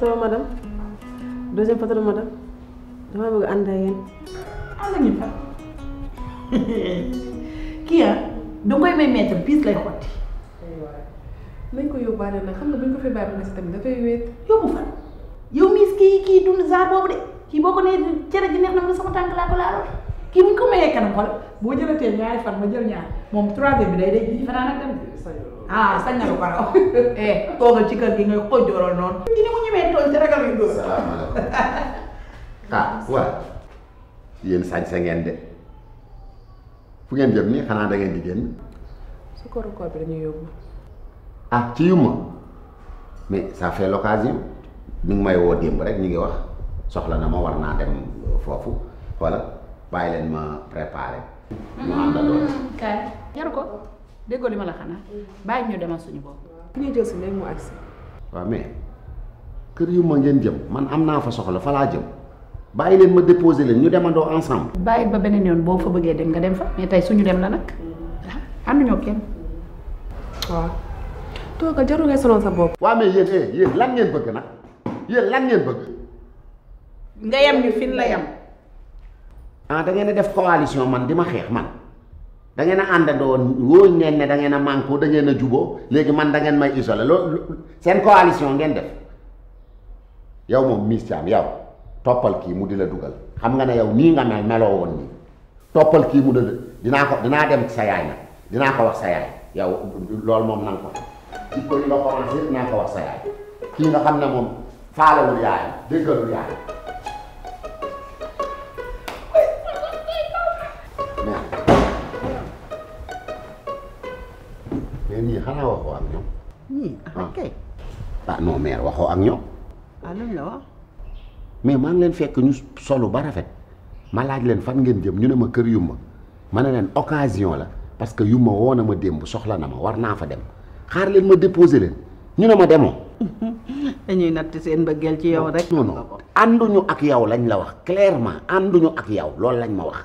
photo madame deuxième photo madame dama bëgg ànd ak yéen. ànd ak ñun kii ah da koy may mettre bis lay xotti. nañ ko yóbbaale nag xam nga dañ ko fi bàyyi ba si tamit dafay wéet. yóbbu fan yow miis kii kii dund zaar boobu de kii boo ko nee cere ji neex na mu ne sama tànk laa ko laaloon. ki buñ ko mayee kanam xol boo té ñaari fan ma jël ñaar mom 3 troisième bi day day gii fanaan ak dem ah sañ eh, ah, na ko ko raw eh toogal ci kër gi ngay xoj joral noonu ñu ne mu ñemee tooñ te ragal yu doon ta wa yeen sañ sa ngeen de fu ngeen jëm ni xana da ngeen di génn su ko ko bi dañu yobbu ah ci yuma mais ça fait l'occasion mi may wo démb rek ñi ngi wax soxla na ma war na dem uh, fofu voilà bàyyi leen ma préparé. ñu mm-hmm. àndandoo kay yaru ko déggoo li ma la xanaa mm-hmm. bàyyi ñu demal suñu bopp. ki ñuy jël si léegi mu agsi. waaw mais kër yu ma ngeen jëm man am naa fa soxla fa laa jëm bàyyi leen ma déposé leen ñu demandoo ensemble. bàyyi ba beneen yoon boo fa bëggee dem nga dem fa mais tey suñu dem la nag mm-hmm. ah, ànduñoo kenn. waaw tooga jarul ngay sonal sa bopp. waaw mais yéen eh yéen lan ngeen bëgg nag yéen lan ngeen bëgg. nga yem ñu fi la yem. ah da ngeen a def coalition man di xex man da ngeen a àndandoo wóor ngeen ne da ngeen a manko da ngeen a juboo léegi man da ngeen may isolé sen coalition ngeen def yow mom mistiam yow toppal ki mu dila dugal xam nga ne yow ni nga mel melo won ni toppal ki mu dina dina ko dina dem sa yaay na dina ko wax sa yaay yow lol mom nang ko ci ko yi nga commencé ko wax sa yaay kii nga xam ne moom faalewul yaayam déggalul mais ñii xanaa waxoo ak ñoom. ah kay. ah waxoo ak ñoom. ah luñ mais maa leen fekk ñu solo ba rafet ma laaj leen fan ngeen jëm ñu ne ma kër yumba ma ne leen occasion la parce que yumba woo na ma démb soxla na ma war naa fa dem xaar leen ma déposer leen ñu ne ma demoo. dañuy natt seen mbëggeel ci yow rek. non ak yow lañ la wax clairement ànduñu ak yow loolu lañ ma wax.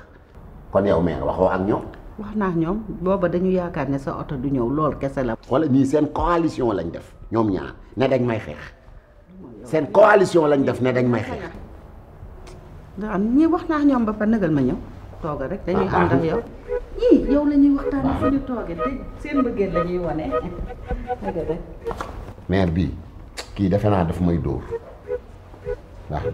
kon yow mère waxoo ak ñoom. wax naa ñoom booba dañu yaakaar ne sa oto du ñëw lool kese la. wala ñii seen coalition lañu def ñoom ñaar ne dañ may xeex seen coalition lañ def ne dañ may xeex. waaw ñii wax naa ñoom ba fa nëgal ma ñëw tooga rek dañuy ah, ànd ak yow. ñii yow la ñuy waxtaanee suñu toogee te seen bëggee la ñuy wane bii kii defe naa daf may dóor waaw.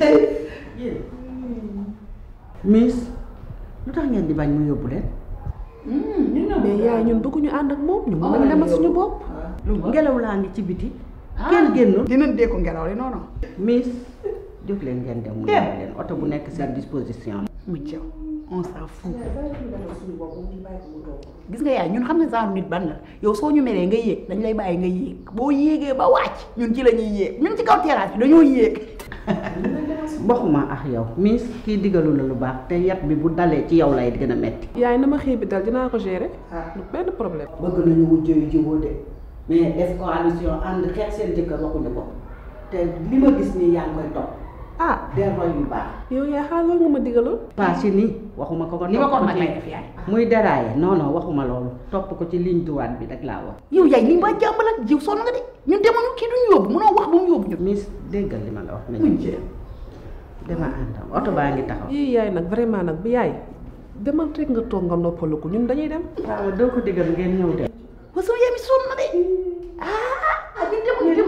yéen. miss lu tax ngeen di bañ mu yóbbu leen. Hmm, ñun ñoo mais yaay ñun bëgguñu ànd ak moom ñu mën a demal suñu bopp. ngelaw laa ngi ci biti. Ah. kenn génnul dinañ dee ko ngelaw li noonu non. miss jóg leen ngeen dem mu yóbbu leen oto bu nekk seen disposition. mu jëw on s'en fout. gis nga yaay ñun xam ne genre nit ban yow soo ñu meree nga yéeg dañ lay bàyyi nga yéeg boo yéegee ba wàcc ñun ci la ñuy yéeg ñun ci kaw terrasse bi dañoo yéeg. waxuma ak yow miis kii digalula lu baax te yat bi bu dalee ci yow lay gën a metti yaay na ma xëy bi dal dinaa ko gérer lu ah. benn problème bëgg nañu wujjooyu jiwoo de mais def coalition ànd xeex seen jëkkër waxuñu ko te li ma gis nii yaa ngi koy topp ah delloo yu baax yow ya xaar loolu nga ma digaloon pas si nii waxuma ko ko ni ma ko mag lay def yaay muy daraaye non non waxuma loolu topp ko ci ligne droite bi rek laa wax yow yaay li mbaa mau ak jiw sonn nga de ñun demuñu kii duñu yóbbu munoo wax ñu miss déggal li ma la wax nañu jéem dama iya oto baa ngi taxaw yii yaay nag vraiment nag bu yaay demal rek nga toog nga noppalu ko ñun dañuy dem waaw doo ko digal ngeen dem na de ah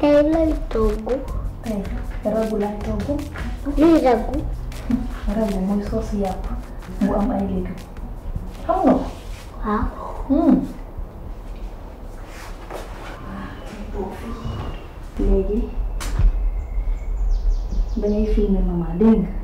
tey lay togg. tey ragu lay togg. luy ragu. ragu mooy soosu yàpp bu am ay légumes xam nga. waaw. Hmm. léegi da ngay filmer maman dégg nga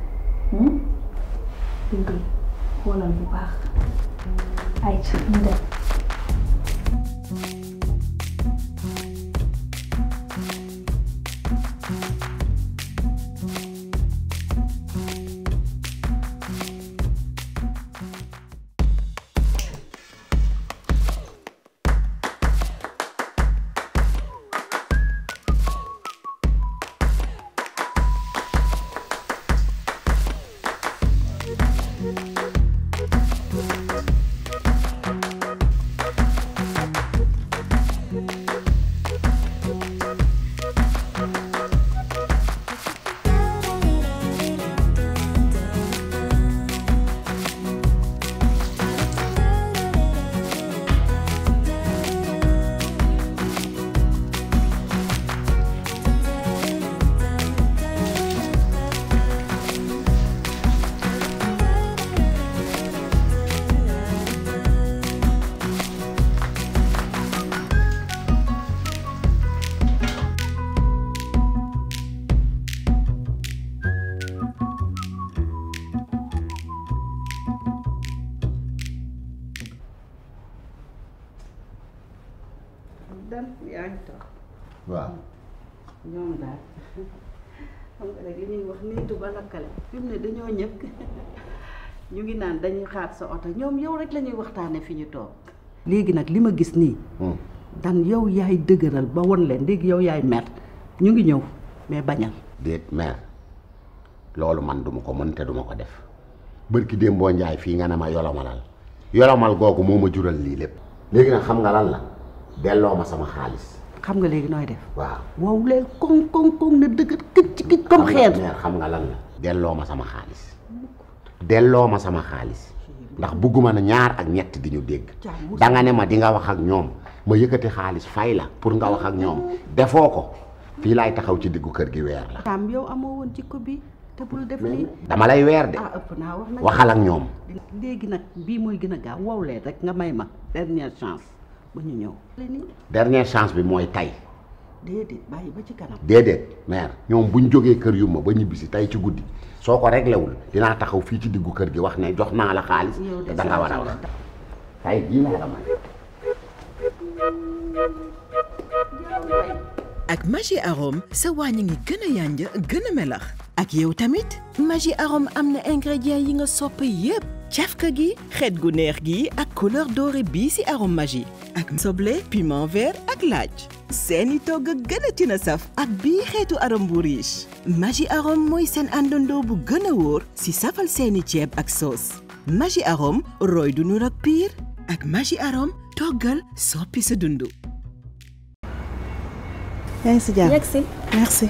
am daal li ñuy wax niitu ba lakkale fi ne dañoo ñëkk ñu ngi naan dañuy xaat sa oto ñoom yow rek la ñuy waxtaane fi ñu toog léegi nag li ma gis nii hmm. dan yow yaay dëgëral ba won leen léegi yow yaay mer ñu ngi ñëw mais bañal déet mer loolu man duma ko mën te duma ko def bërki déem boo njaay fii nga ne ma yolomalal yolomal googu moo ma jural lii lépp léegi nag xam nga lal la delloo ma sama xaalis xam nga léegi nooy def. waaw wow lee koŋ koŋ koŋ na dëgg këj ci këj comme xeer. xam nga lan la delloo ma sama xaalis. delloo ma sama xaalis. ndax bëgguma na ñaar ak ñett di ñu dégg. da nga ne ma dinga wax ak ñoom ma yëkkati xaalis fay la pour nga wax ak ñoom defoo ko fii laay taxaw ci diggu kër gi weer la. tam yow amoo woon ci bi te bul def nii. dama lay weer de. Ah, waxal ak ñoom. léegi nag bii mooy gën a gaaw wow leen rek nga may mag dernière ba ñu ñëw. dernière chance bi mooy tay déedéet bàyyi ba ñoom bu ñu jógee kër yu ma ba ñibbisi tay ci guddi soo ko réglé wul dinaa taxaw fii ci diggu kër gi wax na jox naa la xaalis te da war a wax tay jii la may. ak magie arôme sa wàññi ngi gën a yànja gën a melax. ak yow tamit magie arôme am na ingrédients yi nga sopp yépp Chef gi xet gu neex ak couleur dorée, bii si arôme magique ak soble piment vert ak laaj seeni togg gën a ci saf ak bii xeetu arôme bu riche arôme mooy seen àndandoo bu gën a wóor le safal seeni ceeb ak sauce. Magi arôme roy du nur ak ak magi arôme toggal soppi sa dundu yaa ngi merci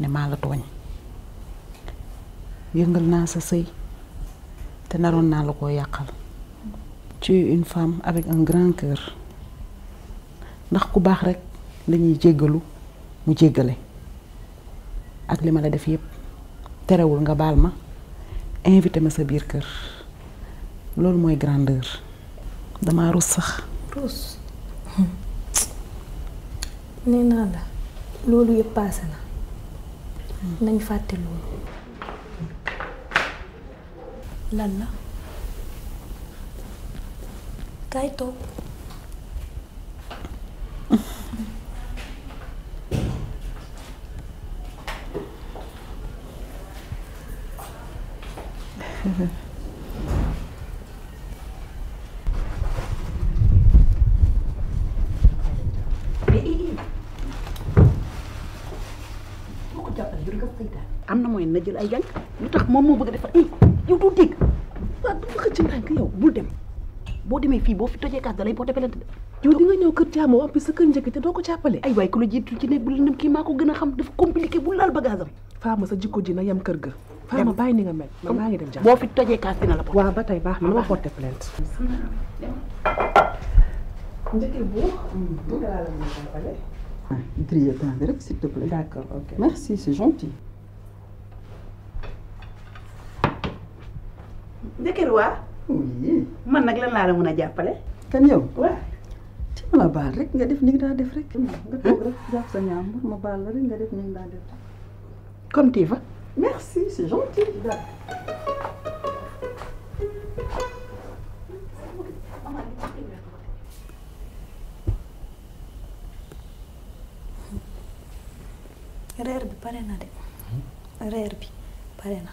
ne maa la tooñ yëngal naa sa sëy te naroon naa la koo yàqal tu une femme avec un grand cœur ndax ku baax rek lañuy jéggalu mu jéggale ak li ma la def yépp terewul nga baal ma invité ma sa biir kër loolu mooy grandeur damaa rus sax rus nee naa la loolu yépp paase na nañ fàtte loolu lan la kaay toog dina jël ay yank lutax mom mo bëgg defar eh yow doo dig waaw du bëgg ci tank yow bu dem bo démé fi bo fi tojé kaas da lay ah, porté pelante yow di nga ñëw kër jaamoo am bi sa kër ñëk té doo ko càppale ay way ku lu jittu ci nek bu lëndum ki mako gëna xam dafa compliqué bu laal bagage am faama sa jikko ji na yam kër ga faama bay ni nga mel ma nga ngi dem jàng bo fi tojé kaas dina la bo wa ba tay baax na ma porté plainte njëkkee bu bu nga laa la mën a càppale Idriya, t'as un verre, s'il te plaît. D'accord, ok. Merci, c'est gentil. jëkkër waa. oui. man nag lan laa la mën a jàppale. kan yow. waaw. ci ma la baal rek nga def ni nga daa def rek. Mm, nga toog rek jàpp sa ñaambur ma rek nga def ni nga def comme tu vas. merci c'est gentil. reer bi pare na de. Hmm? bi pare na.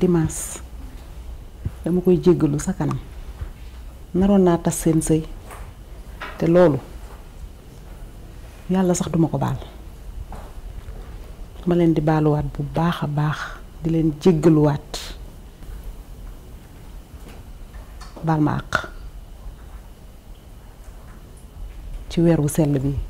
dimaas dama koy jéggalu sa kanam naroon naa tas seen sëy te loolu yàlla sax duma ko baal ma leen di baaluwaat bu baax a baax di leen jéggaluwaat baal ma àq ci weer wu sell bi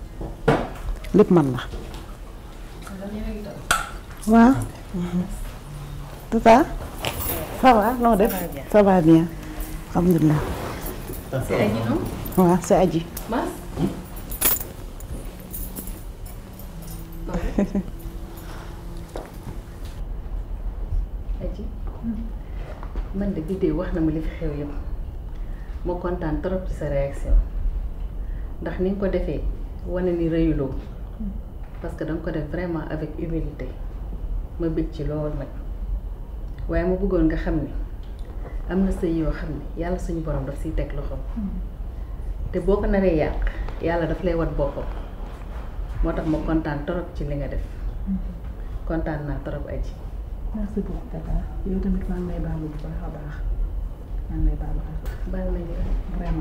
lepp man la wa tata ça va non def ça va bien alhamdulilah c'est aji non waaw c'est aji mas aji man de bidee wax na ma li fi xew yëpp mo contane trop ci sa réaction ndax ni nga ko défé wane ni reuyulo parce que danga ko def vraiment avec humilité ma bég ci loolu nag waaye ma bëggoon nga xam ni am na sëy yoo xam ne yàlla suñu borom daf siy teg loxoom te boo ko naree yàq yàlla daf lay wat boppam moo tax ma kontaan torop ci li nga def kontaan naa torop aji merci beaucoup Tata yow tamit maa ngi lay bu baax a baax maa ngi lay baalu baal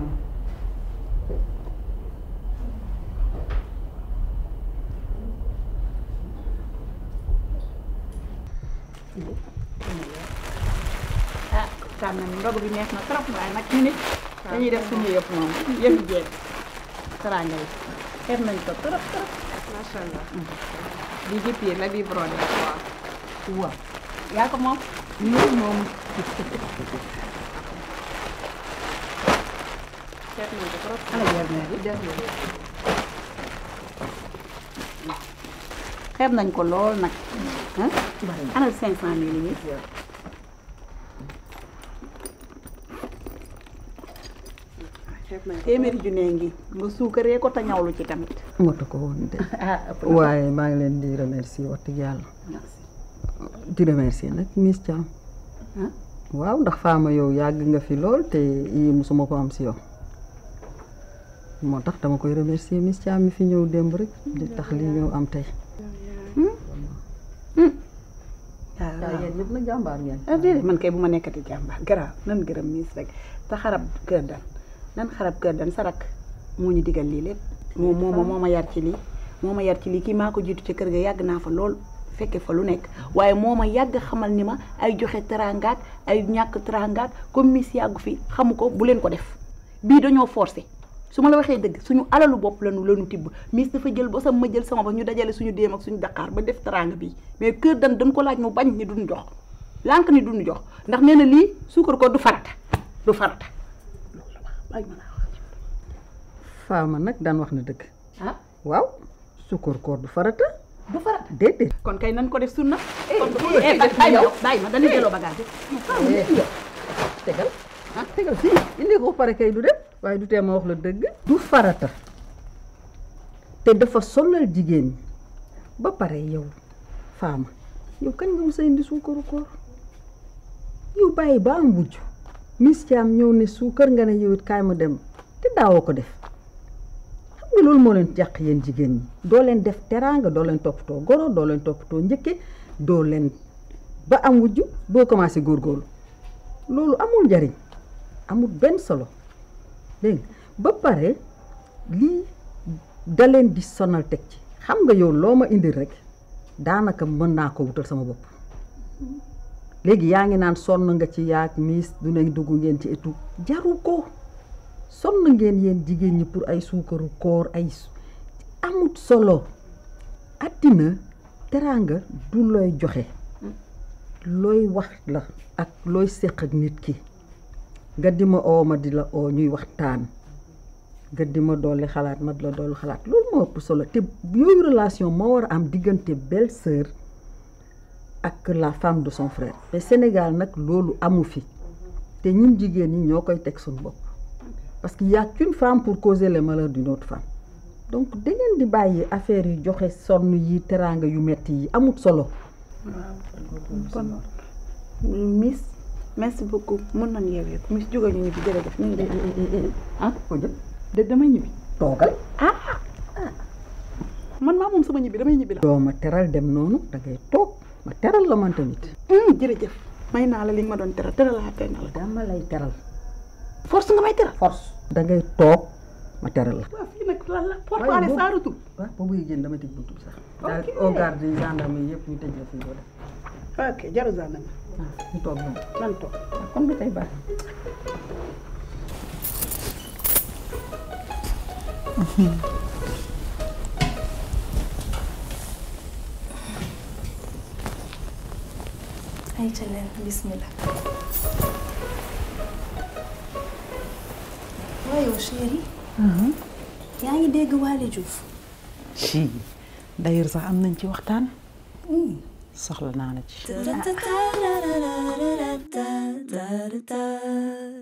ah tànn ndog bi neex na trop waaye nag ñu dañuy def suñu yëpp moom yëpp jeeg teraanga yi nañ ko trop trop macha allah yi la di brodé yaa ko moom ñun nañ ko trop ana nañ ko lool nag alal cinq cent mille yi téeméeri junne ngi nga suukaree ko te ñawlu ci tamit matu ko woon de waaye maa ngi leen di remercier wax dëgg yàlla di remercier nag Miss Thiam waaw ndax faama yow yàgg nga fi lool te yi musuma ko am si yow moo dama koy remercier Miss Thiam mi fi ñëw démb rek di tax li am tey yéen ñëpp jàmbaar ngeen. ah man kay bu ma nekkati jàmbaar garaaw nan gërëm miis rek te xarab kër dan nan xarab kër dan sa rak moo ñu digal lii lépp. moo moom moo ma yar ci lii moo ma yar ci lii kii maa ko jiitu ci kër ga yàgg naa fa lool fekke fa lu nekk waaye moo ma yàgg xamal ni ma ay joxe trangaat ay ñàkk trangaat comme miis yàggu fi xamu ko bu leen ko def bii dañoo forcé suma la waxe deug suñu alalu bopp lañu lanu tibb miis dafa jël bosam ma jël sama ba ñu dajale suñu dem ak suñu Dakar ba def teraanga bi mais keur dan dañ ko laaj mu bañ ni duñu jox lank ni duñu jox ndax neena li lii ko du farata du farata bàyyi ma laa wax wax na deug ah waw suukar ko du farata du farata dede ah? kon kay nan ko def sunna eh, kon eh, eh, bay ma dañu jëlo bagage tegal ah? tegal si indi ko pare kay du def waaye du tee ma wax la dëgg du farata te dafa solal jigéen ñi ba pare yow faama yow kañ nga musa indi suukaru koor yow bàyyi ba am wujj mis am ñëw ne suukar nga ne yow it kaay ma dem te daawoo ko def xam nga loolu moo leen jàq yéen jigéen ñi doo leen def teraanga doo leen toppatoo goro doo leen toppatoo njëkke doo leen ba am wujj doo commencé góorgóorlu loolu amul njariñ amul benn solo ba pare lii da di sonal teg ci xam nga yow loo ma indil rekk daanaka mën naa ko wutal sama bopp léegi yaa ngi naan sonn nga ci yaag miis du ne dugg ngeen ci etu jaru ko sonn ngeen yéen jigéen ñi pour ay suukaru koor ay amut solo àddina teraanga du looy joxe mm. looy wax la ak looy séq ak nit ki nga que oo ñuy waxtaan la relation moo war belle-sœur ak la femme de son frère mais Sénégal nag loolu amu fi te ñun parce qu'il y a qu'une femme pour causer les malheurs d'une autre femme donc da di affaire yi joxe sonn yi yu metti yi amut solo. miss merci beaucoup mën nañ yewé ko mis jógal ñu ñibbi jërëjëf ñu ngi mm, mm, mm, ah ko jëm de dama ñibi togal ah man ma mom sama ñibi dama ñibi la do ma téral dem nonu da ngay tok ma téral la man tamit hmm, jërëjëf may na la li nga doon téral teral laa la dama lay téral force nga may téral force da ngay tok ma téral la waaw fii nag lan la porte ale saaratul waaw boobu yëgéen dama tëj buntu sax daal au garde gendarme yëpp ñu tëj la fii def ok jarul zaa na ma. waaw ñu toog noonu. nan toog kon bi tey baax ay ca leen bismillah waaye chéri yaa ngi dégg Waly Diouf si d'ailleurs sax am nañ ci waxtaan صخر نانج